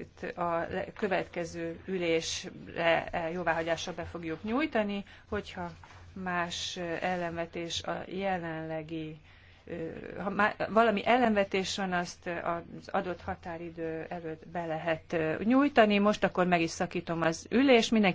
itt a következő ülésre eh, jóváhagyásra be fogjuk nyújtani, hogyha más eh, ellenvetés a jelenlegi eh, ha már valami ellenvetés van, azt az adott határidő előtt be lehet nyújtani. Most akkor meg is szakítom az ülést. Mindenki